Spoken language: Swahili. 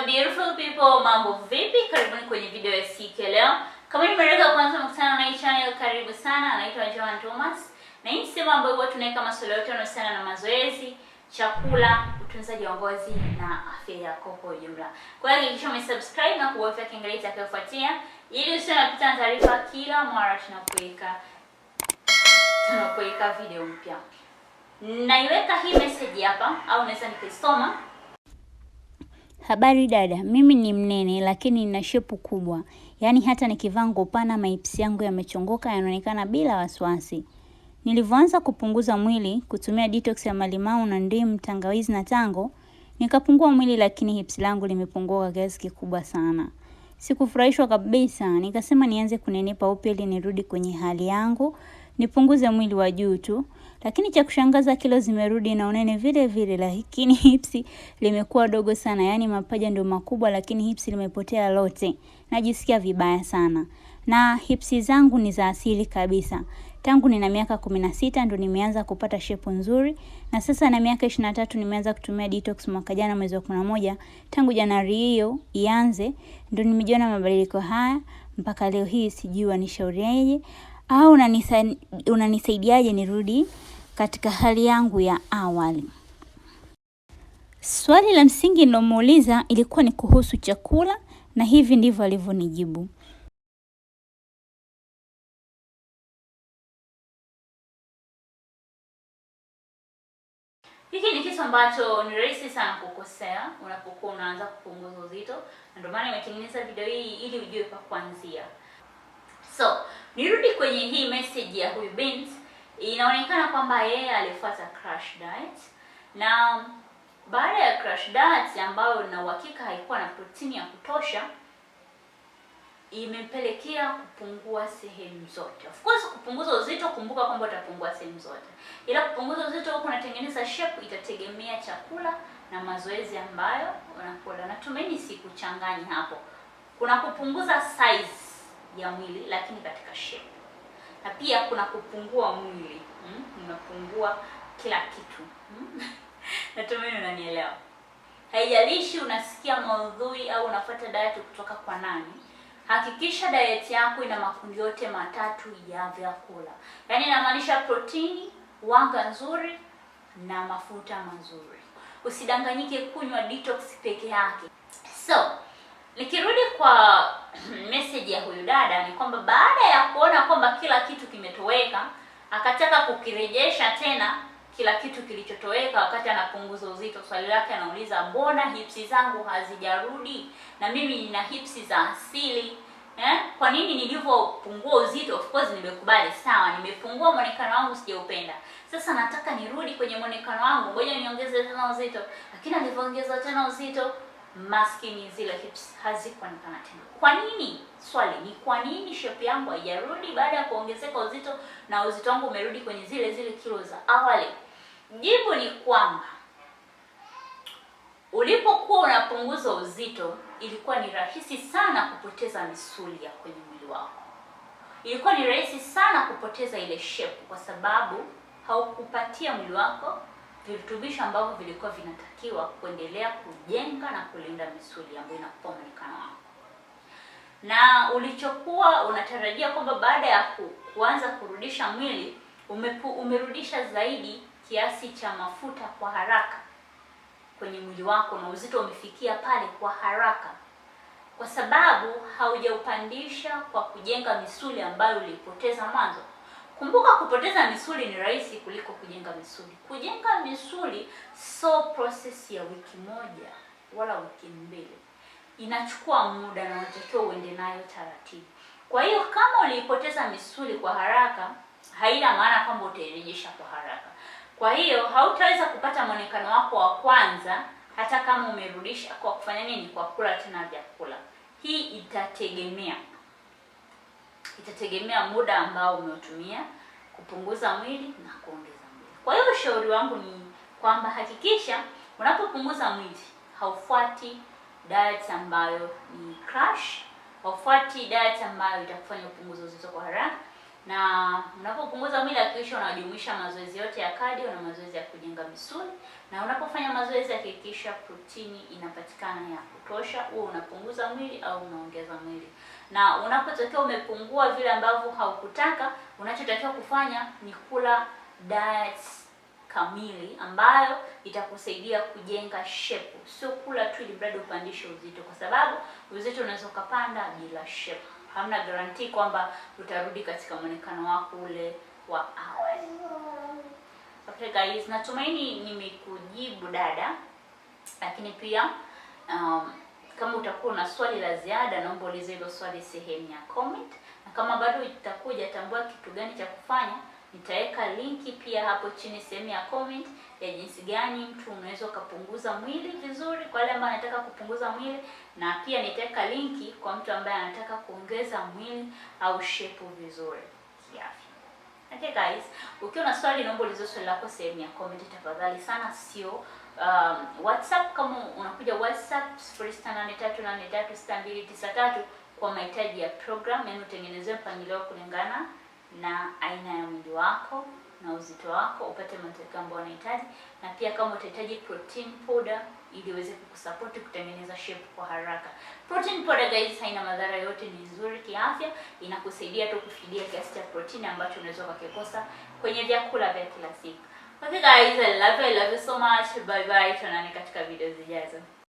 my beautiful people, mambo vipi? Karibuni kwenye video ya siku ya leo. Kama ni mara ya kwanza mkutana na hii channel, karibu sana. Naitwa Joan Thomas na hii sehemu ambayo huwa tunaweka masuala yote yanayohusiana na mazoezi, chakula, utunzaji wa ngozi na afya yako kwa ujumla. Kwa hiyo hakikisha umesubscribe na kubofya kengele itakayofuatia ili usiwe unapita taarifa kila mara tunapoweka tunapoweka video mpya. Naiweka hii message hapa au naweza nikisoma Habari dada, mimi ni mnene lakini nina shepu kubwa, yaani hata nikivaa nguo pana mahips yangu yamechongoka, yanaonekana bila wasiwasi. Nilivyoanza kupunguza mwili kutumia detox ya malimau na ndimu, tangawizi na tango, nikapungua mwili, lakini hips langu limepungua kwa kiasi kikubwa sana. Sikufurahishwa kabisa, nikasema nianze kunenepa upya ili nirudi kwenye hali yangu, nipunguze mwili wa juu tu. Lakini cha kushangaza kilo zimerudi na unene vile vile, lakini hipsi limekuwa dogo sana, yaani mapaja ndio makubwa, lakini hipsi limepotea lote. Najisikia vibaya sana na hipsi zangu ni za asili kabisa. Tangu nina miaka kumi na sita ndo nimeanza kupata shepu nzuri, na sasa na miaka ishirini na tatu nimeanza kutumia detox mwaka jana mwezi wa kumi na moja. Tangu Januari hiyo ianze ndo nimejiona mabadiliko haya mpaka leo hii, sijui wanishauriaje au unanisaidiaje nirudi katika hali yangu ya awali? Swali la msingi nilomuuliza ilikuwa ni kuhusu chakula na hivi ndivyo alivyonijibu. Hiki ni kitu ambacho ni rahisi sana kukosea unapokuwa unaanza kupunguza uzito, na ndio maana nimetengeneza video hii ili ujue pa kuanzia. So nirudi kwenye hii message ya huyu Bint, inaonekana kwamba yeye alifuata crash diet na baada ya crash diet ambayo na uhakika haikuwa na protini ya kutosha imepelekea kupungua sehemu zote. Of course kupunguza uzito, kumbuka kwamba utapungua sehemu zote, ila kupunguza uzito huku unatengeneza shape itategemea chakula na mazoezi ambayo unakula. Natumaini sikuchanganya hapo. Kuna kupunguza size ya mwili, lakini katika shape, na pia kuna kupungua mwili hmm? Unapungua kila kitu hmm? Natumaini unanielewa. Haijalishi unasikia maudhui au unafuata diet kutoka kwa nani, hakikisha diet yako ina makundi yote matatu ya vyakula, yaani inamaanisha protini, wanga nzuri na mafuta mazuri. Usidanganyike kunywa detox peke yake. So Nikirudi kwa message ya huyu dada ni kwamba baada ya kuona kwamba kila kitu kimetoweka, akataka kukirejesha tena kila kitu kilichotoweka. Wakati anapunguza uzito, swali lake anauliza, mbona hipsi zangu hazijarudi na mimi nina hipsi za asili eh? Kwa nini nilivyopungua uzito, of course nimekubali, sawa, nimepungua mwonekano wangu, sijaupenda. Sasa nataka nirudi kwenye mwonekano wangu, ngoja niongeze tena uzito, lakini alivyoongeza tena uzito maskini zile hips hazikuonekana tena. Kwa nini? Swali ni kwa nini shape yangu haijarudi baada ya kuongezeka uzito na uzito wangu umerudi kwenye zile zile kilo za awali? Jibu ni kwamba ulipokuwa unapunguza uzito, ilikuwa ni rahisi sana kupoteza misuli ya kwenye mwili wako, ilikuwa ni rahisi sana kupoteza ile shape, kwa sababu haukupatia mwili wako virutubisho ambavyo vilikuwa vinatakiwa kuendelea kujenga na kulinda misuli ambayo inakupa mwonekano wako, na ulichokuwa unatarajia kwamba baada ya ku, kuanza kurudisha mwili umepu, umerudisha zaidi kiasi cha mafuta kwa haraka kwenye mwili wako, na uzito umefikia pale kwa haraka, kwa sababu haujaupandisha kwa kujenga misuli ambayo ulipoteza mwanzo. Kumbuka kupoteza misuli ni rahisi kuliko kujenga misuli. Kujenga misuli so process ya wiki moja wala wiki mbili, inachukua muda na unatakiwa uende nayo taratibu. Kwa hiyo kama uliipoteza misuli kwa haraka, haina maana kwamba utairejesha kwa haraka. Kwa hiyo hautaweza kupata mwonekano wako wa kwanza, hata kama umerudisha kwa kufanya nini, kwa kula tena vyakula. Hii itategemea itategemea muda ambao umeutumia kupunguza mwili na kuongeza mwili. Kwa hiyo ushauri wangu ni kwamba hakikisha unapopunguza mwili haufuati diet ambayo ni crash, haufuati diet ambayo itakufanya upunguze uzito kwa haraka, na unapopunguza mwili hakikisha unajumuisha mazoezi yote ya cardio na mazoezi ya kujenga misuli, na unapofanya mazoezi hakikisha protini inapatikana ya kutosha, uwe unapunguza mwili au unaongeza mwili na unapotokea umepungua vile ambavyo haukutaka, unachotakiwa kufanya ni kula diet kamili ambayo itakusaidia kujenga shepu, sio kula tu ili mradi upandishe uzito, kwa sababu uzito unaweza ukapanda bila shepu. Hamna garanti kwamba utarudi katika mwonekano wako ule wa awali. Okay guys, natumaini nimekujibu dada, lakini pia um, kama utakuwa na swali la ziada, naomba ulize hilo swali sehemu ya comment, na kama bado itakuwa hujatambua kitu gani cha kufanya, nitaweka linki pia hapo chini sehemu ya comment ya jinsi gani mtu unaweza ukapunguza mwili vizuri kwa wale ambao anataka kupunguza mwili, na pia nitaweka linki kwa mtu ambaye anataka kuongeza mwili au shepu vizuri kiafya. Okay guys, ukiwa na swali naomba ulizo swali lako sehemu ya comment tafadhali sana, sio um, WhatsApp kama unakuja WhatsApp 0683836293 kwa mahitaji ya program, yani utengenezwe mpangilio kulingana na aina ya mwili wako na uzito wako upate matokeo ambayo unahitaji, na pia kama utahitaji protein powder ili iweze kukusupport kutengeneza shape kwa haraka. Protein powder guys, haina madhara yote, ni nzuri kiafya, inakusaidia tu kufidia kiasi cha protein ambacho unaweza ukakikosa kwenye vyakula vya kila siku. Okay guys, I love you, I love you so much. Bye bye, tuonane katika video zijazo.